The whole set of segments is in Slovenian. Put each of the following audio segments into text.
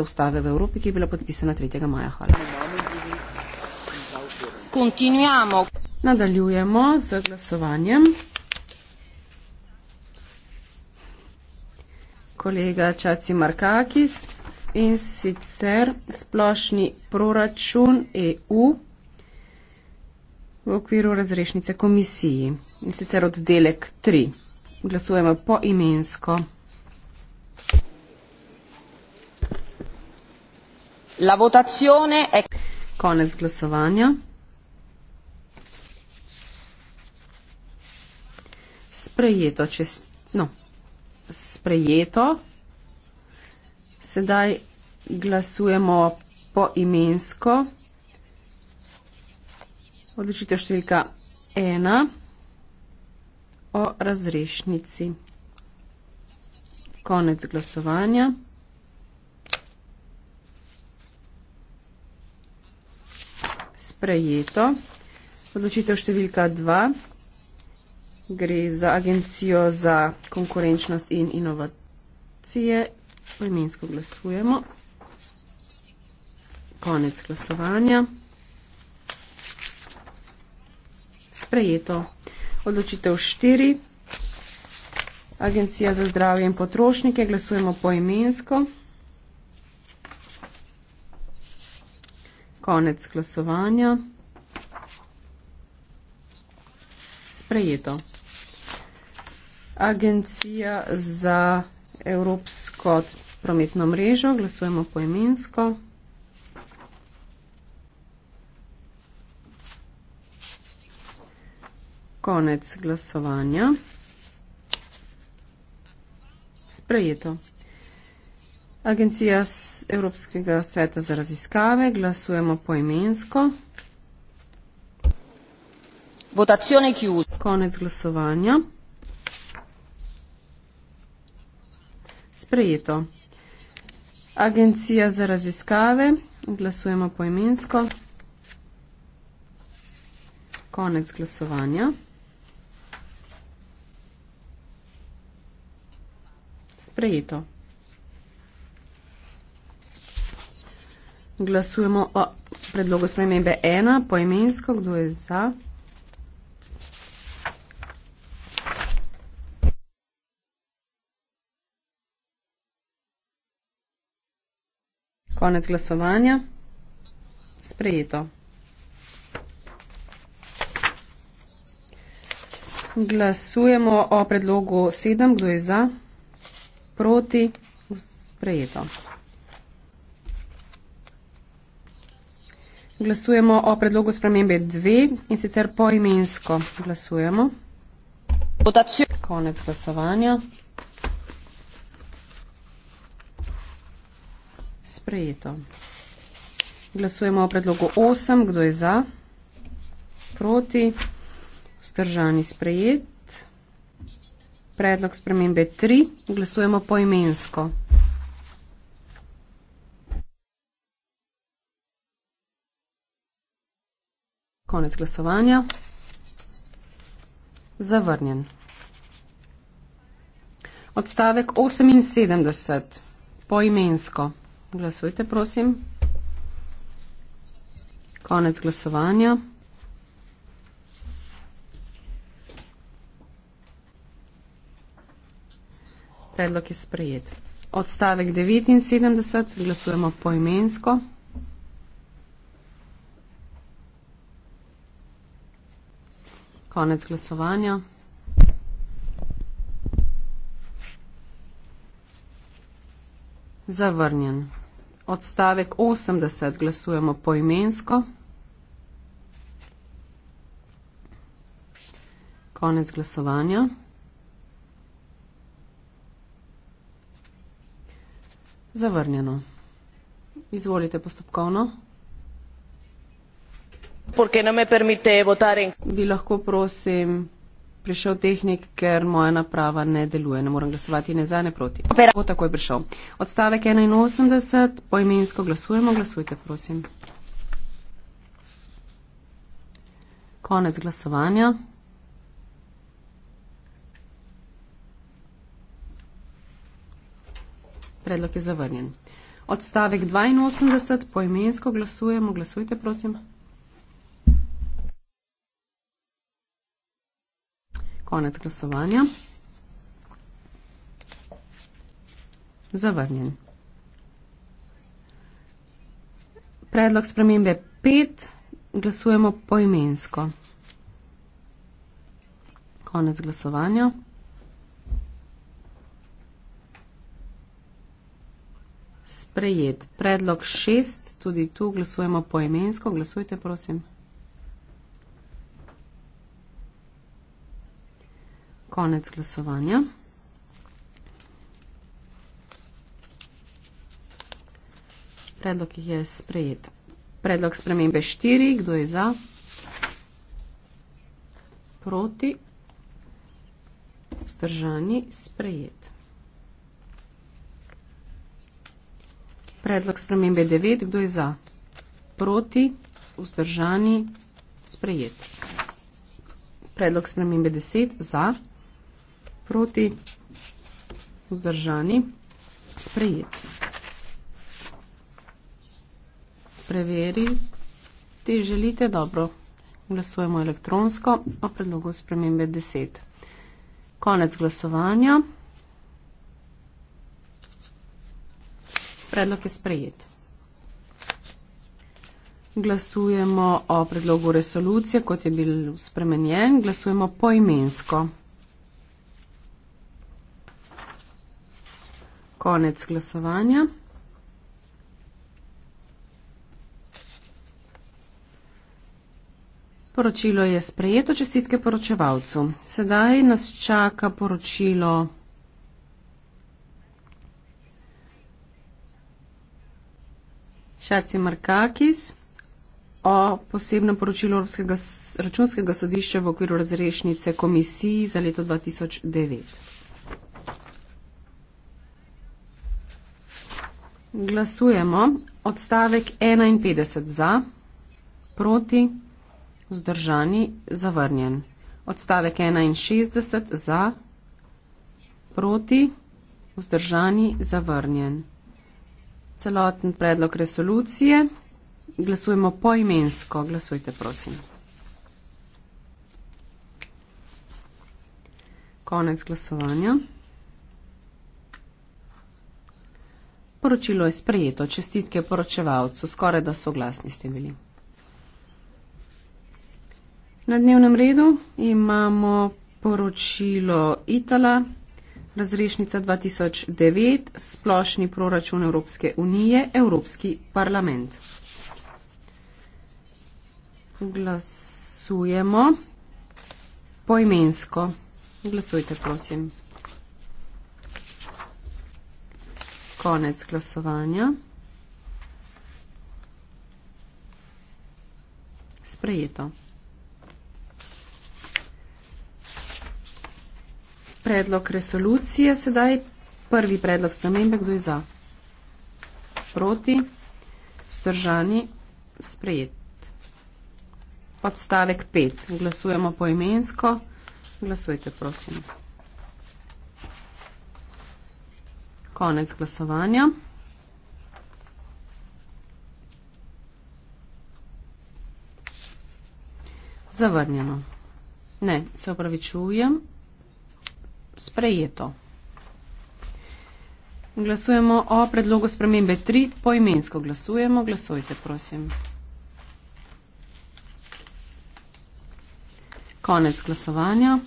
ustave v Evropi, ki je bila podpisana 3. maja. Hvala. Kontinuiamo. Nadaljujemo z glasovanjem. Kolega Čaci Markakis in sicer splošni proračun EU v okviru razrešnice komisiji in sicer oddelek 3. Glasujemo poimensko. imensko. La votazione è Konec glasovanja. Sprejeto, če no, sprejeto. Sedaj glasujemo poimensko. Odločitev številka 1 o razrešnici. Konec glasovanja. sprejeto. Odločitev številka 2 gre za Agencijo za konkurenčnost in inovacije. Poimensko glasujemo. Konec glasovanja. Sprejeto. Odločitev 4. Agencija za zdravje in potrošnike. Glasujemo poimensko. imensko. Konec glasovanja. Sprejeto. Agencija za Evropsko prometno mrežo. Glasujemo poemensko. Konec glasovanja. Sprejeto. Agencija Evropskega sveta za raziskave, glasujemo poimensko. Votacione chiusa. Konec glasovanja. Sprejeto. Agencija za raziskave, glasujemo poimensko. Konec glasovanja. Sprejeto. Glasujemo o predlogu spremembe ena, poimensko, kdo je za? Konec glasovanja. Sprejeto. Glasujemo o predlogu sedem, kdo je za? Proti. Sprejeto. Glasujemo o predlogu spremembe dve in sicer poimensko glasujemo. Konec glasovanja. Sprejeto. Glasujemo o predlogu 8. Kdo je za? Proti? Vzdržani sprejet. Predlog spremembe 3. Glasujemo poimensko. imensko. Konec glasovanja. Zavrnjen. Odstavek 78. Poimensko. Glasujte, prosim. Konec glasovanja. Predlog je sprejet. Odstavek 79. Glasujemo poimensko. imensko. Konec glasovanja. Zavrnjen. Odstavek 80 glasujemo poimensko. Konec glasovanja. Zavrnjeno. Izvolite postopkovno. No bi lahko prosim prišel tehnik, ker moja naprava ne deluje. Ne moram glasovati ne za, ne proti. Bo takoj prišel. Odstavek 81, poimensko glasujemo, glasujte prosim. Konec glasovanja. Predlog je zavrnjen. Odstavek 82, poimensko glasujemo, glasujte prosim. Konec glasovanja. Zavrnjen. Predlog spremembe 5. Glasujemo poimensko. Konec glasovanja. Sprejet. Predlog 6. Tudi tu glasujemo poimensko. Glasujte, prosim. konec glasovanja. Predlog je sprejet. Predlog spremembe 4. Kdo je za? Proti? Vzdržani? Sprejet. Predlog spremembe 9. Kdo je za? Proti? Vzdržani? Sprejet. Predlog spremembe 10. Za? Proti? proti vzdržani sprejeti. Preveri, ti želite dobro. Glasujemo elektronsko o predlogu spremembe 10. Konec glasovanja. Predlog je sprejet. Glasujemo o predlogu resolucije, kot je bil spremenjen. Glasujemo poimensko. imensko. Konec glasovanja. Poročilo je sprejeto, čestitke poročevalcu. Sedaj nas čaka poročilo Šaci Markakis o posebnem poročilu Evropskega računskega sodišča v okviru razrešnice komisiji za leto 2009. Glasujemo. Odstavek 51 za, proti, vzdržani, zavrnjen. Odstavek 61 za, proti, vzdržani, zavrnjen. Celoten predlog resolucije. Glasujemo poimensko. Glasujte, prosim. Konec glasovanja. Poročilo je sprejeto, čestitke poročevalcu, skoraj da soglasni ste bili. Na dnevnem redu imamo poročilo Itala, razrešnica 2009, splošni proračun Evropske unije, Evropski parlament. Glasujemo poimensko. Glasujte, prosim. konec glasovanja. Sprejeto. Predlog resolucije sedaj, prvi predlog spremembe, kdo je za? Proti, vzdržani, sprejet. Odstavek 5. Glasujemo poimensko. Glasujte, prosim. Konec glasovanja. Zavrnjeno. Ne, se opravičujem. Sprejeto. Glasujemo o predlogu spremembe 3. Poimensko glasujemo. Glasujte, prosim. Konec glasovanja.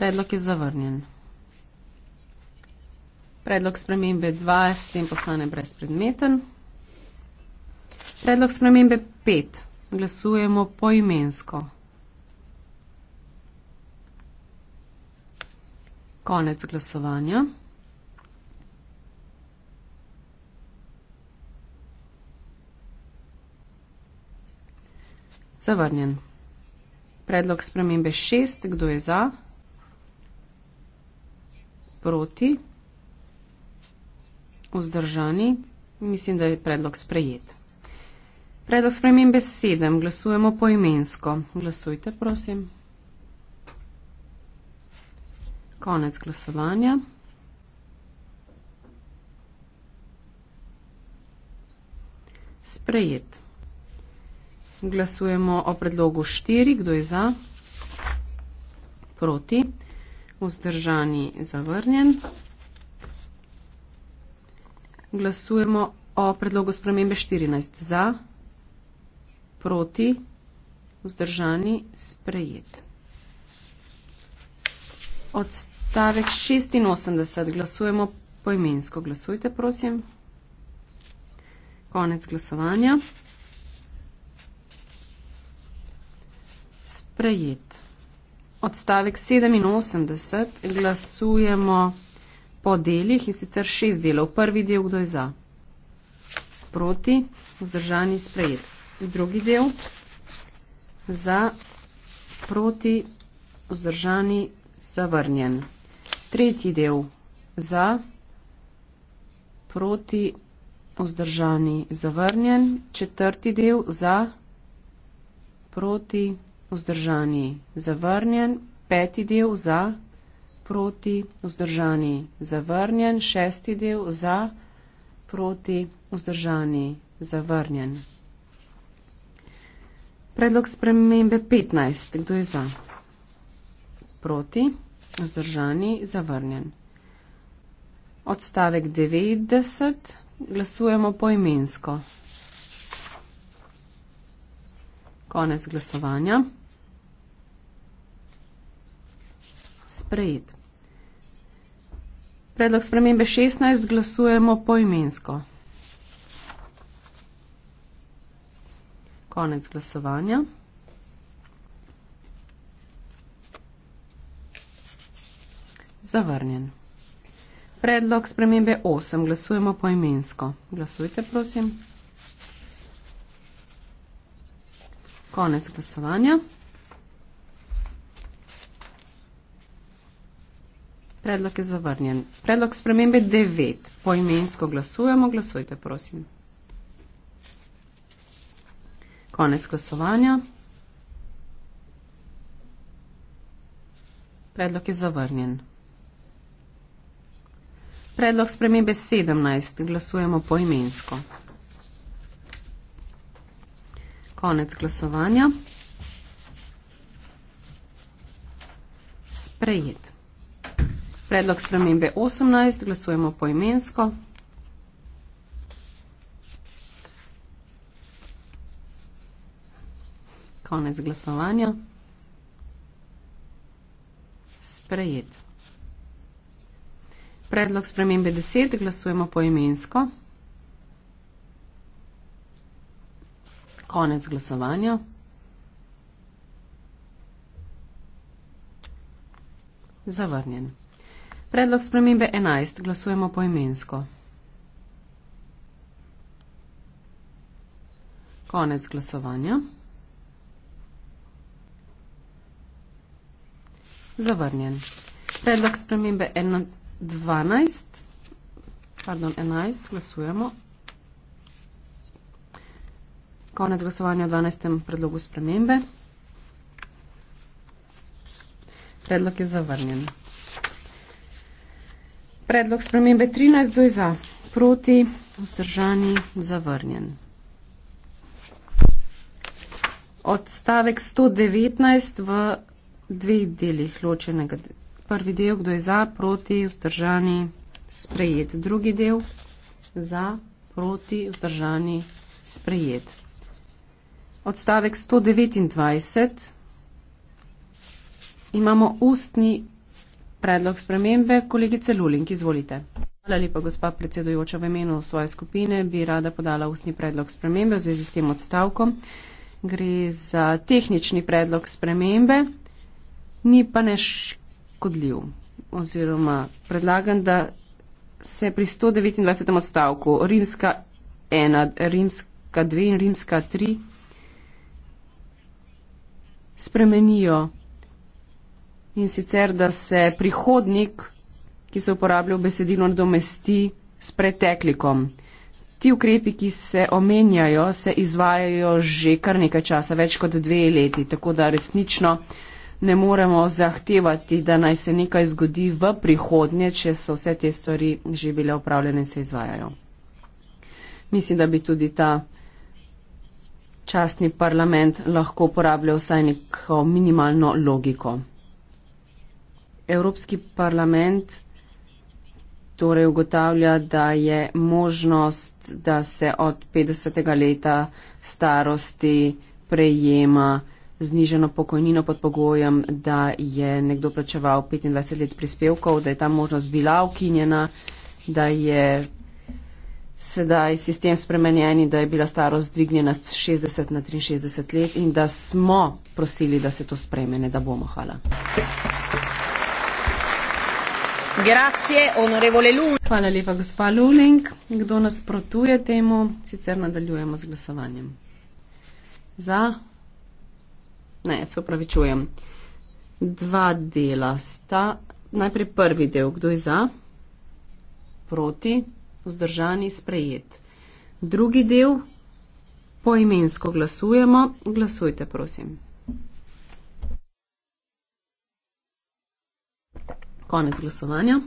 Predlog je zavrnjen. Predlog spremembe 2 s tem postane brezpredmeten. Predlog spremembe 5. Glasujemo poimensko. Konec glasovanja. Zavrnjen. Predlog spremembe 6. Kdo je za? proti, vzdržani. Mislim, da je predlog sprejet. Predlog spremembe sedem. Glasujemo poimensko. Glasujte, prosim. Konec glasovanja. Sprejet. Glasujemo o predlogu 4. Kdo je za? Proti vzdržani zavrnjen. Glasujemo o predlogu spremembe 14 za, proti, vzdržani sprejet. Odstavek 86 glasujemo poimensko. Glasujte, prosim. Konec glasovanja. Sprejet odstavek 87 glasujemo po delih in sicer šest delov. Prvi del, kdo je za? Proti, vzdržani, sprejet. Drugi del, za, proti, vzdržani, zavrnjen. Tretji del, za, proti, vzdržani, zavrnjen. Četrti del, za, proti, vzdržani, zavrnjen vzdržani zavrnjen, peti del za, proti vzdržani zavrnjen, šesti del za, proti vzdržani zavrnjen. Predlog spremembe 15. Kdo je za? Proti, vzdržani, zavrnjen. Odstavek 90. Glasujemo poimensko. Konec glasovanja. sprejet. Predlog spremembe 16 glasujemo poimensko. Konec glasovanja. Zavrnjen. Predlog spremembe 8 glasujemo poimensko. Glasujte, prosim. Konec glasovanja. Predlog je zavrnjen. Predlog spremembe 9. Poimensko glasujemo. Glasujte, prosim. Konec glasovanja. Predlog je zavrnjen. Predlog spremembe 17. Glasujemo poimensko. Konec glasovanja. Sprejet. Predlog spremembe 18, glasujemo po imensko. Konec glasovanja. Sprejet. Predlog spremembe 10, glasujemo po imensko. Konec glasovanja. Zavrnjen. Predlog spremembe 11. Glasujemo po imensko. Konec glasovanja. Zavrnjen. Predlog spremembe 12. Pardon, 11. Glasujemo. Konec glasovanja o 12. predlogu spremembe. Predlog je zavrnjen. Predlog spremembe 13 do za, proti, vzdržani, zavrnjen. Odstavek 119 v dveh delih ločenega. Prvi del, kdo je za, proti, vzdržani, sprejet. Drugi del, za, proti, vzdržani, sprejet. Odstavek 129. Imamo ustni predlog spremembe. Kolegice Lulink, izvolite. Hvala lepa, gospa predsedujoča, v imenu svoje skupine bi rada podala ustni predlog spremembe v zvezi s tem odstavkom. Gre za tehnični predlog spremembe, ni pa neškodljiv. Oziroma predlagam, da se pri 129. odstavku rimska 1, rimska 2 in rimska 3 spremenijo in sicer, da se prihodnik, ki se uporablja v besedilu, nadomesti s preteklikom. Ti ukrepi, ki se omenjajo, se izvajajo že kar nekaj časa, več kot dve leti, tako da resnično ne moremo zahtevati, da naj se nekaj zgodi v prihodnje, če so vse te stvari že bile upravljene in se izvajajo. Mislim, da bi tudi ta častni parlament lahko uporabljal vsaj neko minimalno logiko. Evropski parlament torej ugotavlja, da je možnost, da se od 50. leta starosti prejema zniženo pokojnino pod pogojem, da je nekdo plačeval 25 let prispevkov, da je ta možnost bila ukinjena, da je sedaj sistem spremenjen in da je bila starost dvignjena z 60 na 63 let in da smo prosili, da se to spremene, da bomo. Hvala. Grazie, onorevole Luning. Hvala lepa, gospa Luning. Kdo nasprotuje temu? Sicer nadaljujemo z glasovanjem. Za? Ne, se upravičujem. Dva dela sta. Najprej prvi del. Kdo je za? Proti? Vzdržani? Sprejet. Drugi del. Poimensko glasujemo. Glasujte, prosim. Konec glasovanja.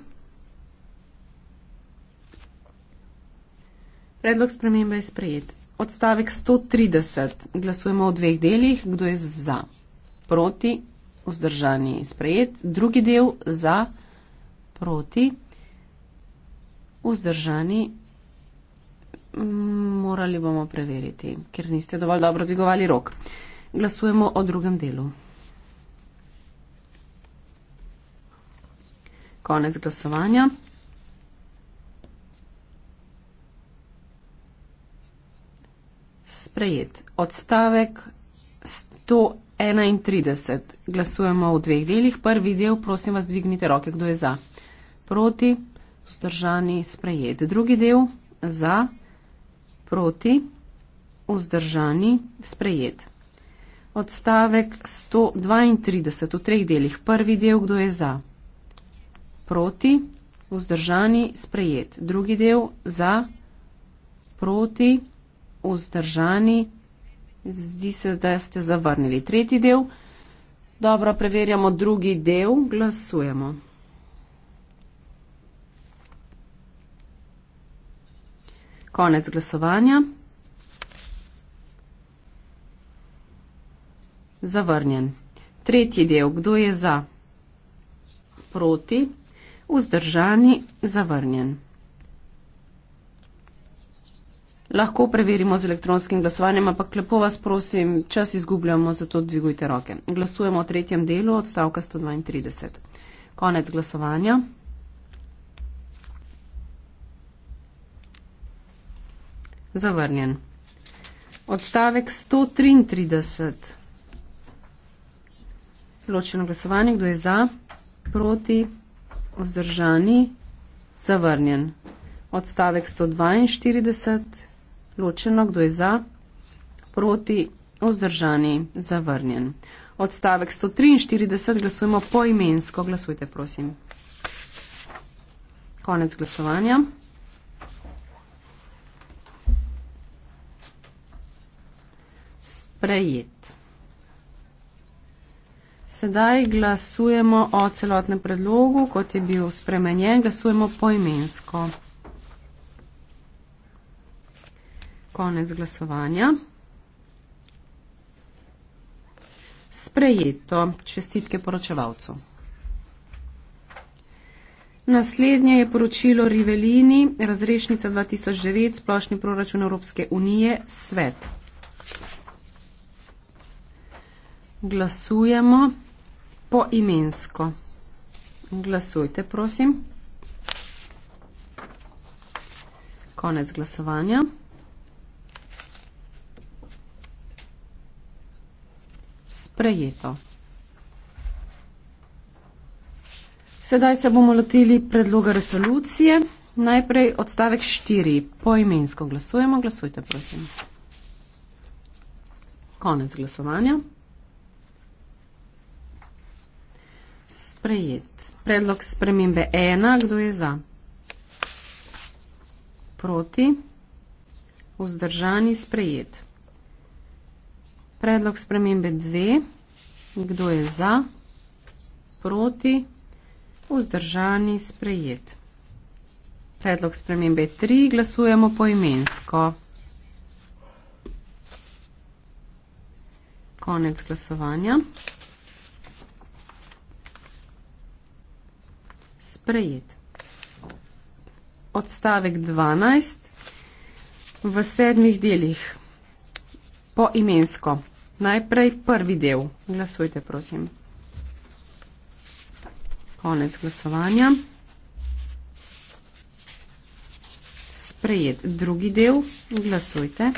Predlog spremembe je sprejet. Odstavek 130. Glasujemo v dveh delih. Kdo je za? Proti. Vzdržani je sprejet. Drugi del za. Proti. Vzdržani. Mm, morali bomo preveriti, ker niste dovolj dobro dvigovali rok. Glasujemo o drugem delu. Konec glasovanja. Sprejet. Odstavek 131. Glasujemo v dveh delih. Prvi del, prosim vas, dvignite roke, kdo je za. Proti, vzdržani, sprejet. Drugi del, za, proti, vzdržani, sprejet. Odstavek 132 v treh delih. Prvi del, kdo je za proti, vzdržani, sprejet. Drugi del za, proti, vzdržani, zdi se, da ste zavrnili. Tretji del, dobro, preverjamo drugi del, glasujemo. Konec glasovanja. Zavrnjen. Tretji del, kdo je za? Proti, vzdržani, zavrnjen. Lahko preverimo z elektronskim glasovanjem, ampak lepo vas prosim, čas izgubljamo, zato dvigujte roke. Glasujemo o tretjem delu odstavka 132. Konec glasovanja. Zavrnjen. Odstavek 133. Ločeno glasovanje, kdo je za, proti, vzdržani, zavrnjen. Odstavek 142, ločeno, kdo je za, proti, vzdržani, zavrnjen. Odstavek 143, glasujemo poimensko, glasujte, prosim. Konec glasovanja. Sprejet sedaj glasujemo o celotnem predlogu, kot je bil spremenjen, glasujemo poimensko. Konec glasovanja. Sprejeto. Čestitke poročevalcu. Naslednje je poročilo Rivelini, razrešnica 2009, splošni proračun Evropske unije, svet. Glasujemo poimensko. Glasujte, prosim. Konec glasovanja. Sprejeto. Sedaj se bomo lotili predloga resolucije. Najprej odstavek 4. Poimensko glasujemo. Glasujte, prosim. Konec glasovanja. sprejet. Predlog spremembe ena, kdo je za? Proti? Vzdržani sprejet. Predlog spremembe dve, kdo je za? Proti? Vzdržani sprejet. Predlog spremembe tri, glasujemo poimensko. Konec glasovanja. sprejet. Odstavek 12 v sedmih delih po imensko. Najprej prvi del. Glasujte, prosim. Konec glasovanja. Sprejet drugi del. Glasujte.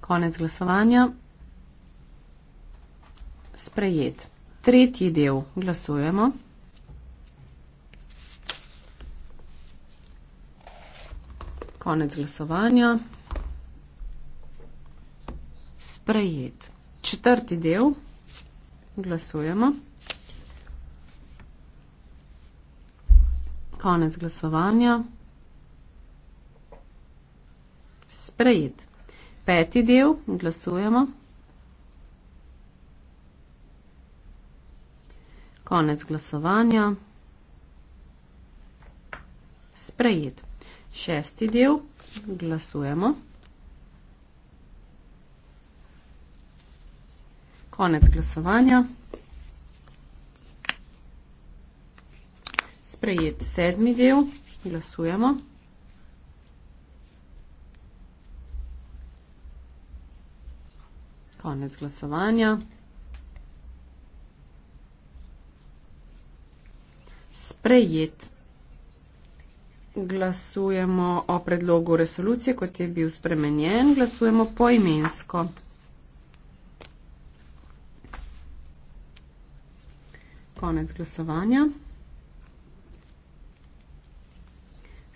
Konec glasovanja sprejet. Tretji del glasujemo. Konec glasovanja. Sprejet. Četrti del glasujemo. Konec glasovanja. Sprejet. Peti del glasujemo. Konec glasovanja. Sprejet. Šesti del. Glasujemo. Konec glasovanja. Sprejet sedmi del. Glasujemo. Konec glasovanja. sprejet. Glasujemo o predlogu resolucije, kot je bil spremenjen. Glasujemo poimensko. Konec glasovanja.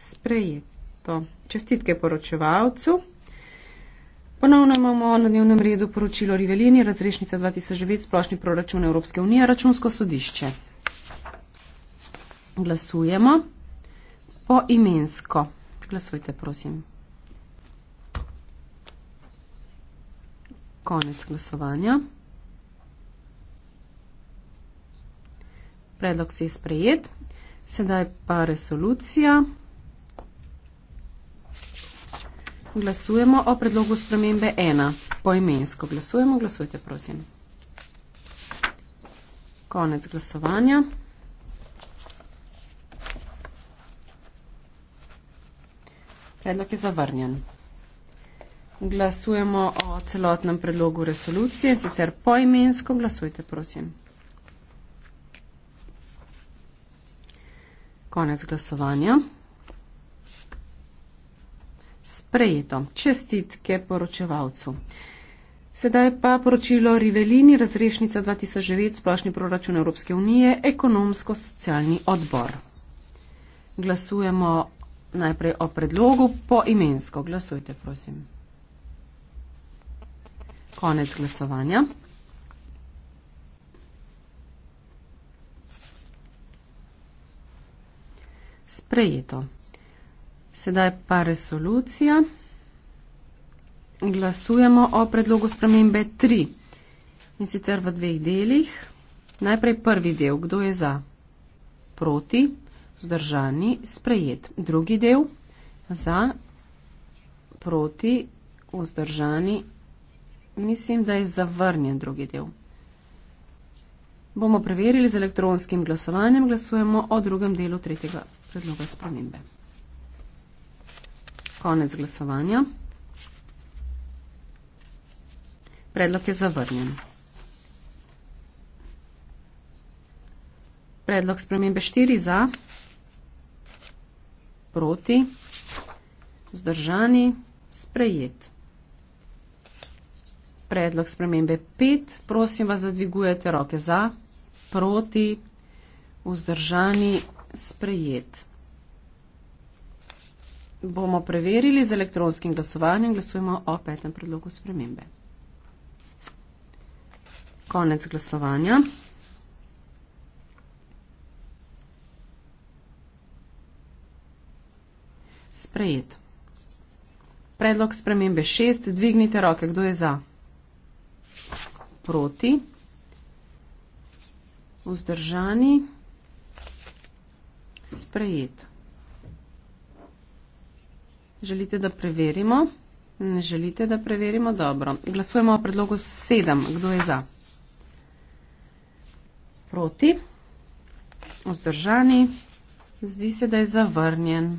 Sprejeto. Čestitke poročevalcu. Ponovno imamo na dnevnem redu poročilo Rivelini, razrešnica 2009, splošni proračun Evropske unije, računsko sodišče glasujemo po imensko. Glasujte, prosim. Konec glasovanja. Predlog se je sprejet. Sedaj pa resolucija. Glasujemo o predlogu spremembe 1. Poimensko glasujemo. Glasujte, prosim. Konec glasovanja. Predlog je zavrnjen. Glasujemo o celotnem predlogu resolucije, sicer poimensko. Glasujte, prosim. Konec glasovanja. Sprejeto. Čestitke poročevalcu. Sedaj pa poročilo Rivelini, razrešnica 2009, splošni proračun Evropske unije, ekonomsko-socialni odbor. Glasujemo najprej o predlogu po imensko. Glasujte, prosim. Konec glasovanja. Sprejeto. Sedaj pa resolucija. Glasujemo o predlogu spremembe 3 in sicer v dveh delih. Najprej prvi del, kdo je za, proti, vzdržani, sprejet. Drugi del za, proti, vzdržani, mislim, da je zavrnjen drugi del. Bomo preverili z elektronskim glasovanjem, glasujemo o drugem delu tretjega predloga spremembe. Konec glasovanja. Predlog je zavrnjen. Predlog spremembe 4 za proti, vzdržani, sprejet. Predlog spremembe 5. Prosim vas, zadvigujete roke za, proti, vzdržani, sprejet. Bomo preverili z elektronskim glasovanjem. Glasujemo o petem predlogu spremembe. Konec glasovanja. sprejet. Predlog spremembe 6. Dvignite roke. Kdo je za? Proti. Vzdržani. Sprejet. Želite, da preverimo? Ne želite, da preverimo? Dobro. Glasujemo o predlogu 7. Kdo je za? Proti. Vzdržani. Zdi se, da je zavrnjen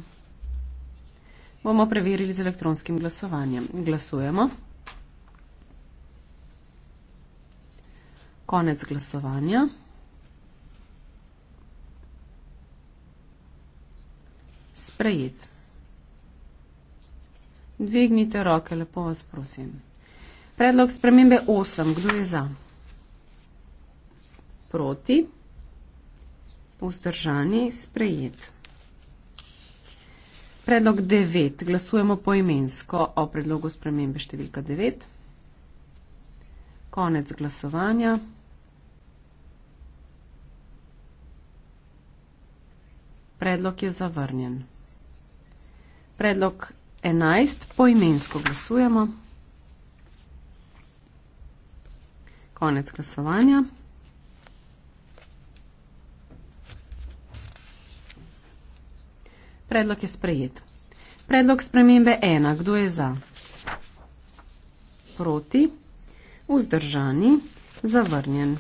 bomo preverili z elektronskim glasovanjem. Glasujemo. Konec glasovanja. Sprejet. Dvignite roke, lepo vas prosim. Predlog spremembe 8. Kdo je za? Proti. Vzdržani. Sprejet. Predlog 9. Glasujemo po imensko o predlogu spremembe številka 9. Konec glasovanja. Predlog je zavrnjen. Predlog 11. Po imensko glasujemo. Konec glasovanja. Predlog je sprejet. Predlog spremembe ena. Kdo je za? Proti. Vzdržani. Zavrnjen.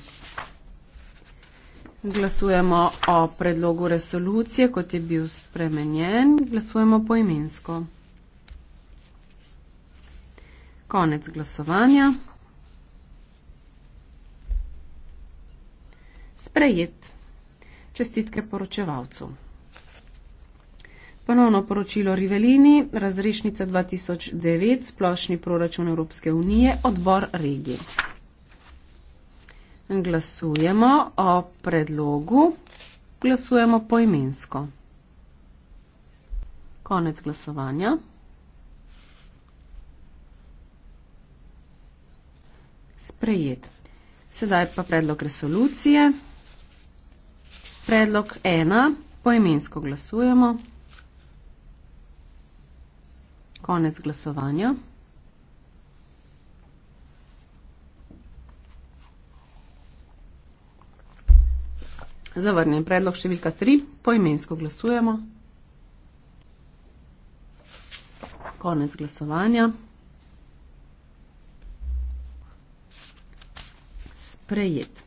Glasujemo o predlogu resolucije, kot je bil spremenjen. Glasujemo poimensko. Konec glasovanja. Sprejet. Čestitke poročevalcu. Ponovno poročilo Rivelini, razrešnica 2009, splošni proračun Evropske unije, odbor regije. Glasujemo o predlogu. Glasujemo poimensko. Konec glasovanja. Sprejet. Sedaj pa predlog resolucije. Predlog ena. Poimensko glasujemo. Konec glasovanja. Zavrnjen predlog številka 3. Poimensko glasujemo. Konec glasovanja. Sprejet.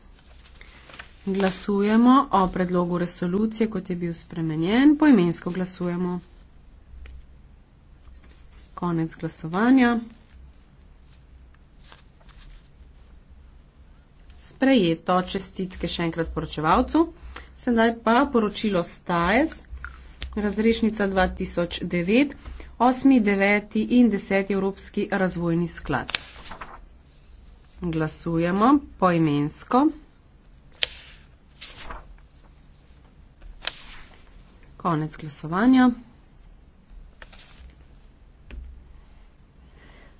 Glasujemo o predlogu resolucije, kot je bil spremenjen. Poimensko glasujemo konec glasovanja. Sprejeto čestitke še enkrat poročevalcu. Sedaj pa poročilo STAES, razrešnica 2009, 8., 9. in 10. Evropski razvojni sklad. Glasujemo poimensko. Konec glasovanja.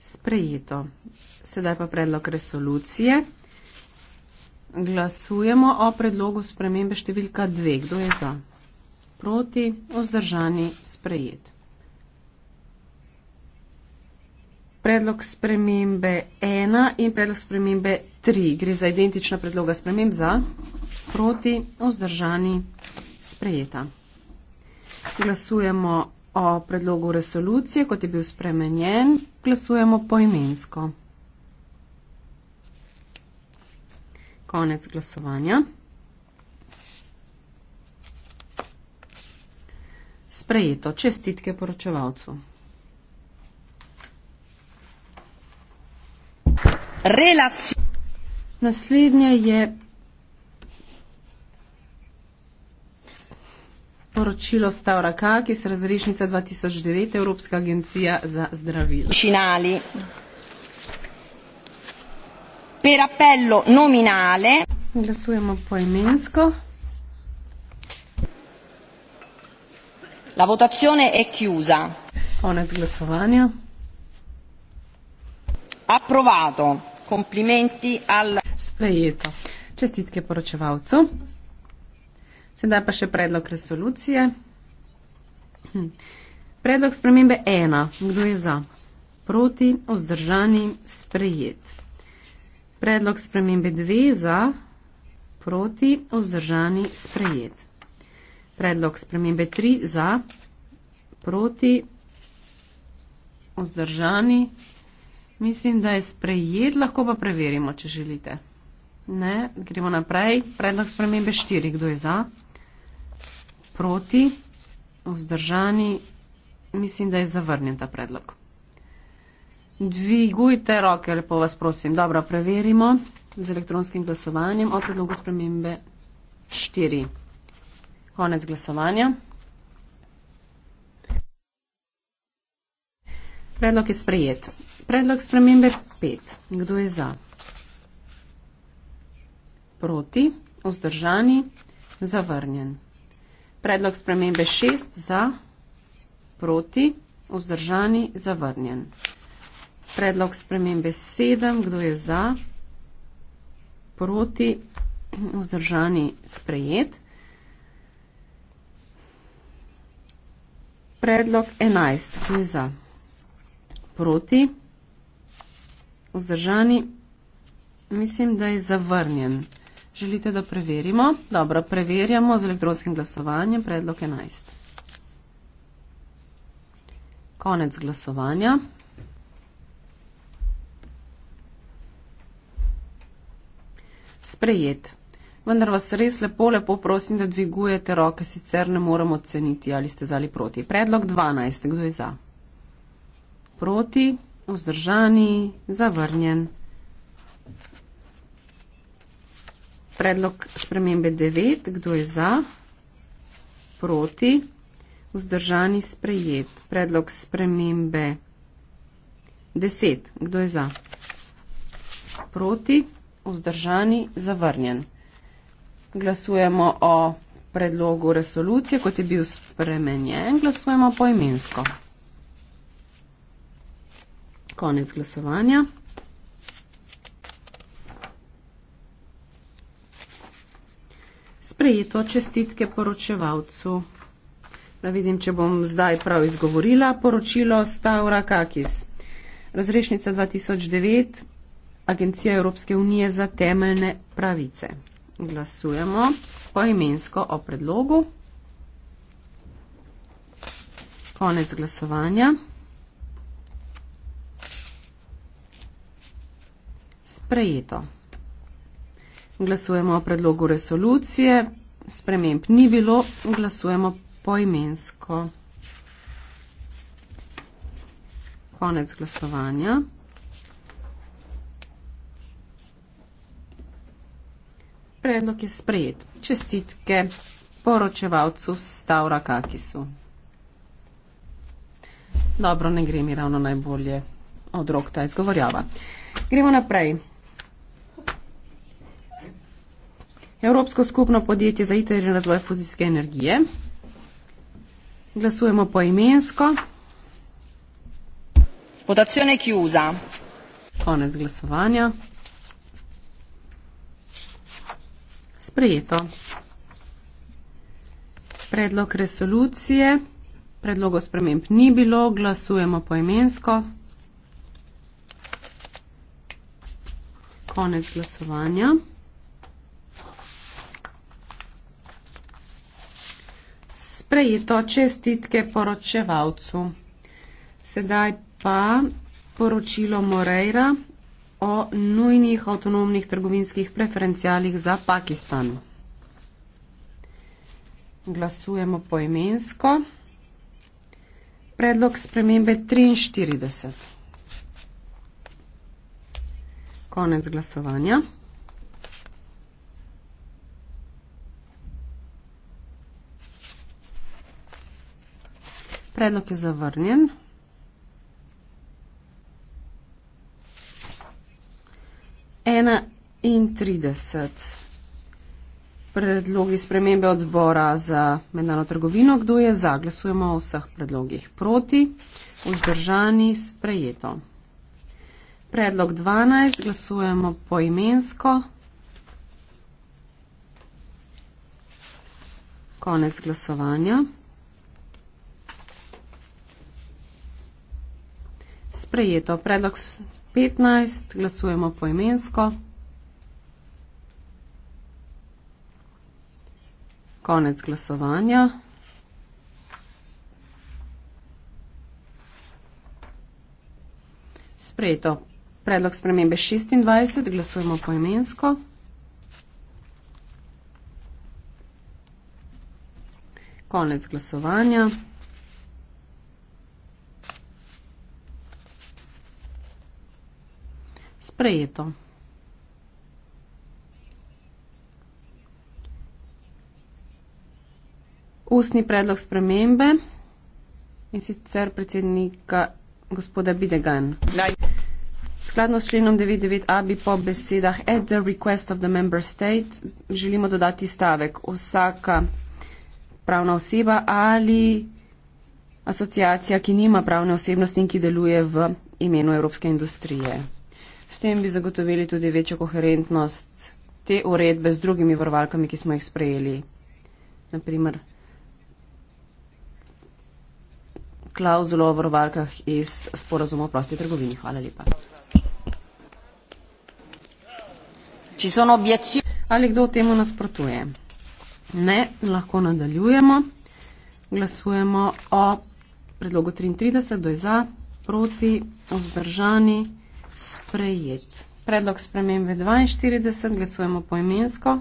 sprejeto. Sedaj pa predlog resolucije. Glasujemo o predlogu spremembe številka 2. Kdo je za? Proti, vzdržani, sprejet. Predlog spremembe 1 in predlog spremembe 3. Gre za identična predloga sprememb za, proti, vzdržani, sprejeta. Glasujemo o predlogu resolucije, kot je bil spremenjen, glasujemo poimensko. Konec glasovanja. Sprejeto. Čestitke poročevalcu. Relac. Naslednje je poročilo Stavra Kakis, razrešnica 2009, Evropska agencija za zdravila. Cinali. Per appello nominale. Glasujemo poimensko. La votazione è chiusa. Onez glasovanja. Approvato. Complimenti al... Sprejeto. Čestitke poročevalcu. Sedaj pa še predlog resolucije. Hm. Predlog spremembe ena. Kdo je za? Proti, vzdržani, sprejet. Predlog spremembe dve za. Proti, vzdržani, sprejet. Predlog spremembe tri za. Proti, vzdržani. Mislim, da je sprejet, lahko pa preverimo, če želite. Ne, gremo naprej. Predlog spremembe 4. Kdo je za? proti, vzdržani, mislim, da je zavrnjen ta predlog. Dvigujte roke, lepo vas prosim. Dobro, preverimo z elektronskim glasovanjem o predlogu spremembe 4. Konec glasovanja. Predlog je sprejet. Predlog spremembe 5. Kdo je za? Proti, vzdržani, zavrnjen. Predlog spremembe šest za, proti, vzdržani, zavrnjen. Predlog spremembe sedem, kdo je za, proti, vzdržani, sprejet. Predlog enajst, kdo je za, proti, vzdržani, mislim, da je zavrnjen. Želite, da preverimo? Dobro, preverjamo z elektronskim glasovanjem predlog 11. Konec glasovanja. Sprejet. Vendar vas res lepo, lepo prosim, da dvigujete roke, sicer ne moremo oceniti, ali ste za ali proti. Predlog 12. Kdo je za? Proti, vzdržani, zavrnjen. Predlog spremembe 9. Kdo je za? Proti? Vzdržani sprejet. Predlog spremembe 10. Kdo je za? Proti? Vzdržani zavrnjen. Glasujemo o predlogu resolucije, kot je bil spremenjen. Glasujemo po imensko. Konec glasovanja. sprejeto čestitke poročevalcu. Da vidim, če bom zdaj prav izgovorila poročilo Staura Kakis. Razrešnica 2009, Agencija Evropske unije za temeljne pravice. Glasujemo poimensko o predlogu. Konec glasovanja. Sprejeto glasujemo o predlogu resolucije, sprememb ni bilo, glasujemo poimensko. Konec glasovanja. Predlog je sprejet. Čestitke poročevalcu Stavra Kakisu. Dobro, ne gre mi ravno najbolje od rok ta izgovorjava. Gremo naprej. Evropsko skupno podjetje za ITER in razvoj fuzijske energije. Glasujemo po imensko. Votazione chiusa. Konec glasovanja. Sprejeto. Predlog resolucije. Predlogo sprememb ni bilo. Glasujemo po imensko. Konec glasovanja. sprejeto čestitke poročevalcu. Sedaj pa poročilo Moreira o nujnih avtonomnih trgovinskih preferencialih za Pakistan. Glasujemo poimensko. Predlog spremembe 43. Konec glasovanja. Predlog je zavrnjen. Ena in trideset. Predlogi spremembe odbora za mednarodno trgovino. Kdo je za? Glasujemo o vseh predlogih. Proti, vzdržani, sprejeto. Predlog 12. Glasujemo poimensko. Konec glasovanja. sprejeto. Predlog 15, glasujemo poimensko. Konec glasovanja. Sprejeto. Predlog spremembe 26, glasujemo poimensko. Konec glasovanja. sprejeto. Ustni predlog spremembe in sicer predsednika gospoda Bidegan. Skladno s členom 99a bi po besedah at the request of the member state želimo dodati stavek. Vsaka pravna oseba ali asociacija, ki nima pravne osebnosti in ki deluje v imenu evropske industrije. S tem bi zagotovili tudi večjo koherentnost te uredbe z drugimi varovalkami, ki smo jih sprejeli. Naprimer, klauzulo o varovalkah iz sporazuma o prosti trgovini. Hvala lepa. Ali kdo temu nasprotuje? Ne, lahko nadaljujemo. Glasujemo o predlogu 33, kdo je za, proti, vzdržani sprejet. Predlog spremembe 42, glasujemo poimensko.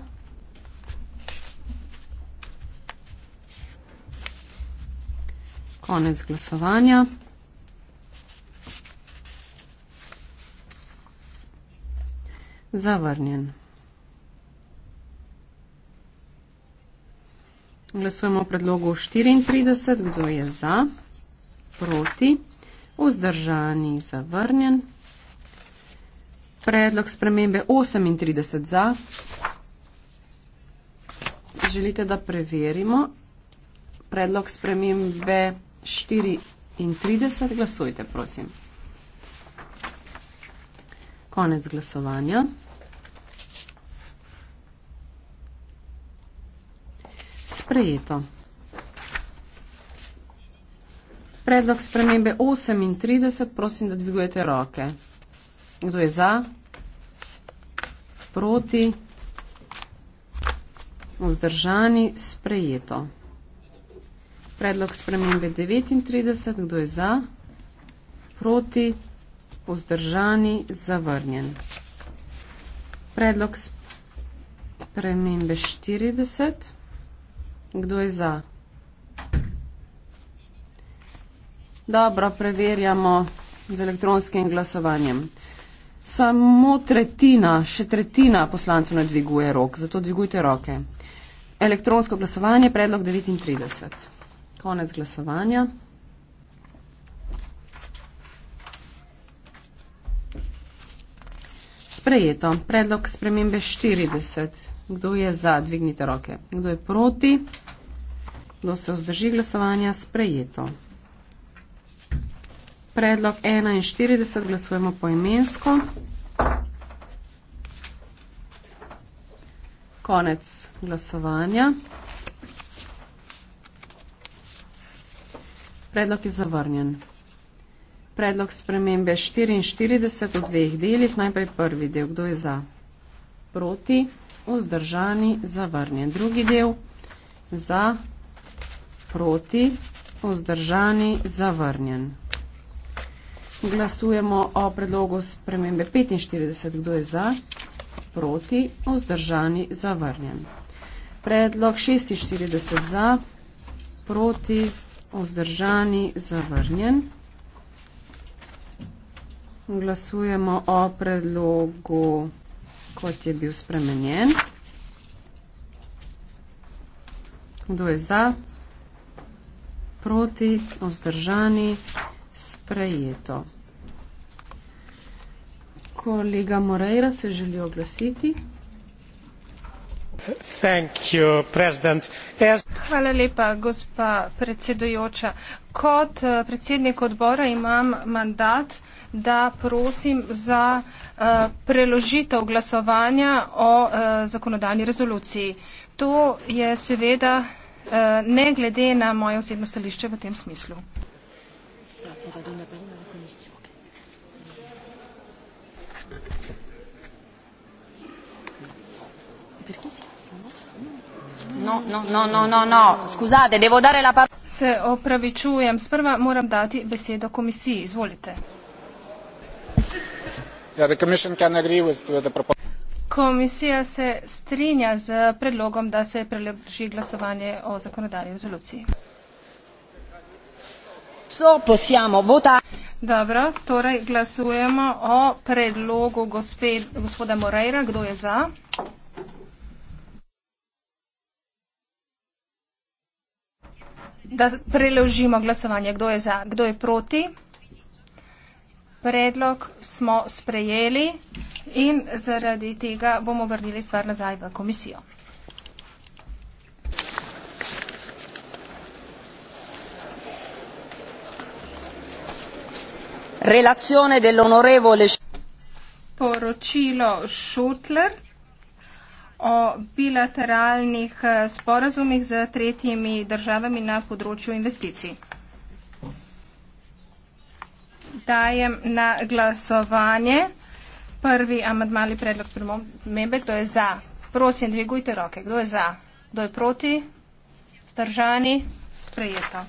Konec glasovanja. Zavrnjen. Glasujemo o predlogu 34, kdo je za, proti, vzdržani, zavrnjen. Predlog spremembe 38 za. Želite, da preverimo? Predlog spremembe 34. Glasujte, prosim. Konec glasovanja. Sprejeto. Predlog spremembe 38. Prosim, da dvigujete roke. Kdo je za? Proti? Vzdržani? Sprejeto. Predlog spremembe 39. Kdo je za? Proti? Vzdržani? Zavrnjen. Predlog spremembe 40. Kdo je za? Dobro, preverjamo z elektronskim glasovanjem. Samo tretjina, še tretjina poslancev ne dviguje rok, zato dvigujte roke. Elektronsko glasovanje, predlog 39. Konec glasovanja. Sprejeto. Predlog spremembe 40. Kdo je za? Dvignite roke. Kdo je proti? Kdo se vzdrži glasovanja? Sprejeto predlog 41, glasujemo poimensko. Konec glasovanja. Predlog je zavrnjen. Predlog spremembe 44 v dveh delih, najprej prvi del, kdo je za? Proti, vzdržani, zavrnjen. Drugi del, za, proti, vzdržani, zavrnjen. Glasujemo o predlogu spremembe 45. Kdo je za? Proti. Ozdržani. Zavrnjen. Predlog 46. Za. Proti. Ozdržani. Zavrnjen. Glasujemo o predlogu, kot je bil spremenjen. Kdo je za? Proti. Ozdržani. Zavrnjen sprejeto. Kolega Moreira se želi oglasiti. Thank you, President. As... Hvala lepa, gospa predsedujoča. Kot eh, predsednik odbora imam mandat, da prosim za uh, preložitev glasovanja o uh, zakonodajni rezoluciji. To je seveda uh, ne glede na moje osebno stališče v tem smislu et va donner la parole à la Commission. No, no, no, no, no, scusate, devo dare la parola. Se opravičujem, sprva moram dati besedo komisiji, izvolite. Yeah, the commission can agree with the proposal. Komisija se strinja z predlogom, da se preleži glasovanje o zakonodajni rezoluciji adesso possiamo votare. Dobro, torej glasujemo o predlogu gospe, gospoda Moreira. Kdo je za? Da preložimo glasovanje. Kdo je za? Kdo je proti? Predlog smo sprejeli in zaradi tega bomo vrnili stvar nazaj v komisijo. relazione dell'onorevole poročilo Schutler o bilateralnih eh, sporazumih z tretjimi državami na področju investicij. Dajem na glasovanje prvi amadmali predlog spremembe. Kdo je za? Prosim, dvigujte roke. Kdo je za? Kdo je proti? Stržani? Sprejeto.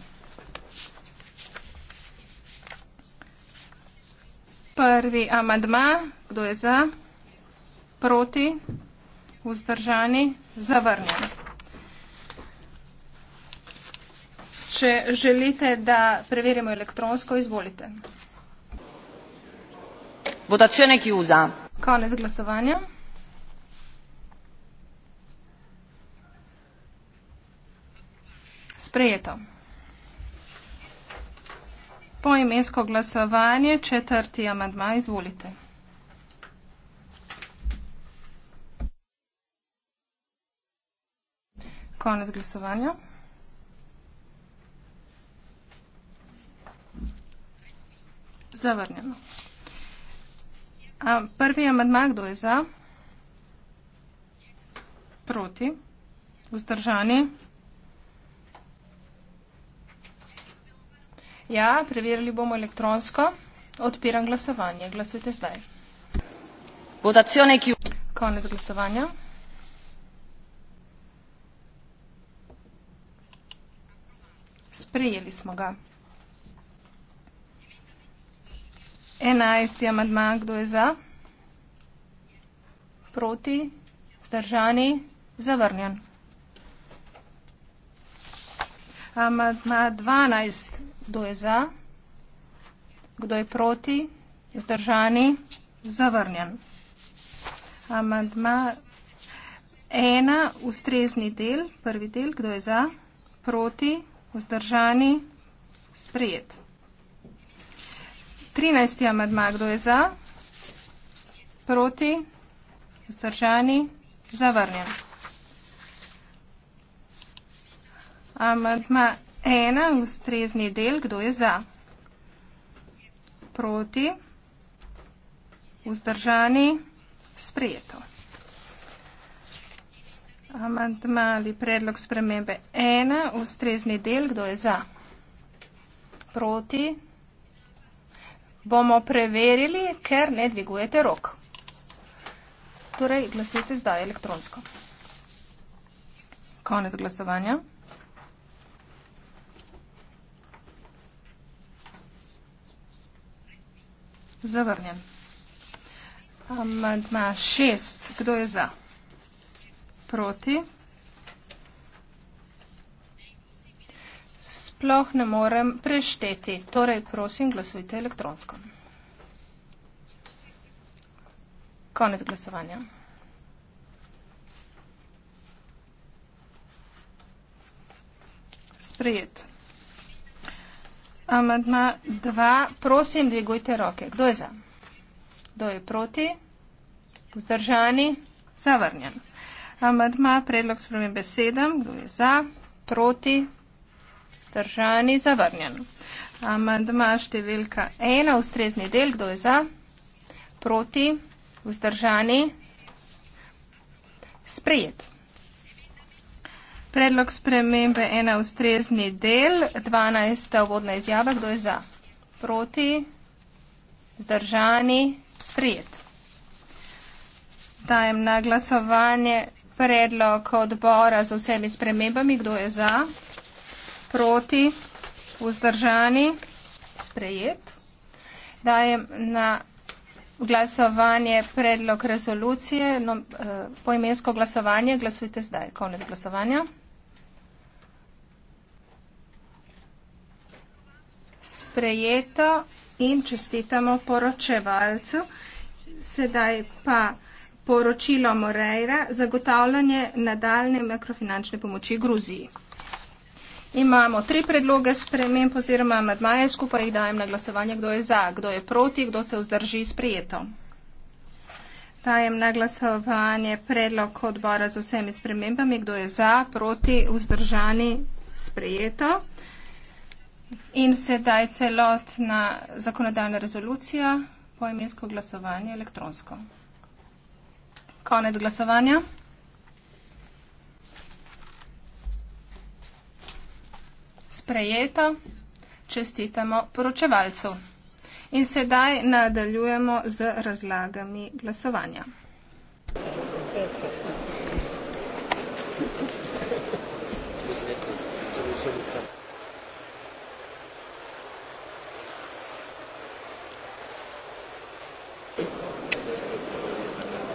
Prvi amadma, kdo je za, proti, vzdržani, zavrnjen. Če želite, da preverimo elektronsko, izvolite. Votacione chiusa. Konec glasovanja. Sprejeto. Poimensko glasovanje, četrti amadma, izvolite. Konec glasovanja. Zavrnjeno. Prvi amadma, kdo je za? Proti? Vzdržani? Vzdržani? Ja, preverili bomo elektronsko. Odpiram glasovanje. Glasujte zdaj. Konec glasovanja. Sprejeli smo ga. Enajsti amadma, kdo je za? Proti? Zdržani? Zavrnjen. Amadma 12. Kdo je za? Kdo je proti? Zdržani? Zavrnjen. Amadma 1. Ustrezni del. Prvi del. Kdo je za? Proti? Zdržani? Sprejet. 13. Amadma. Kdo je za? Proti? Zdržani? Zavrnjen. Amadma ena, ustrezni del, kdo je za? Proti? Vzdržani? Sprejeto. Amadma ali predlog spremembe ena, ustrezni del, kdo je za? Proti? Bomo preverili, ker ne dvigujete rok. Torej, glasujte zdaj elektronsko. Konec glasovanja. Zavrnjen. Amandma šest. Kdo je za? Proti. Sploh ne morem prešteti. Torej, prosim, glasujte elektronsko. Konec glasovanja. Sprejet. Amandma 2, prosim, dvigujte roke. Kdo je za? Kdo je proti? Vzdržani? Zavrnjen. Amandma, predlog spremembe 7, kdo je za? Proti? Vzdržani? Zavrnjen. Amandma številka 1, ustrezni del, kdo je za? Proti? Vzdržani? Sprejet. Predlog spremembe ena ustrezni del, 12. uvodna izjava, kdo je za? Proti, zdržani, sprijet. Dajem na glasovanje predlog odbora z vsemi spremembami, kdo je za? Proti, vzdržani, sprejet. Dajem na glasovanje predlog rezolucije, no, eh, poimensko glasovanje, glasujte zdaj, konec glasovanja. sprejeto in čestitamo poročevalcu. Sedaj pa poročilo Moreira, zagotavljanje nadaljne makrofinančne pomoči Gruziji. Imamo tri predloge sprememb oziroma medmaje, skupaj jih dajem na glasovanje, kdo je za, kdo je proti, kdo se vzdrži sprejeto. Dajem na glasovanje predlog odbora z vsemi spremembami, kdo je za, proti, vzdržani sprejeto. In sedaj celotna zakonodajna rezolucija po imensko glasovanje elektronsko. Konec glasovanja. Sprejeto. Čestitamo poročevalcu. In sedaj nadaljujemo z razlagami glasovanja. Petr.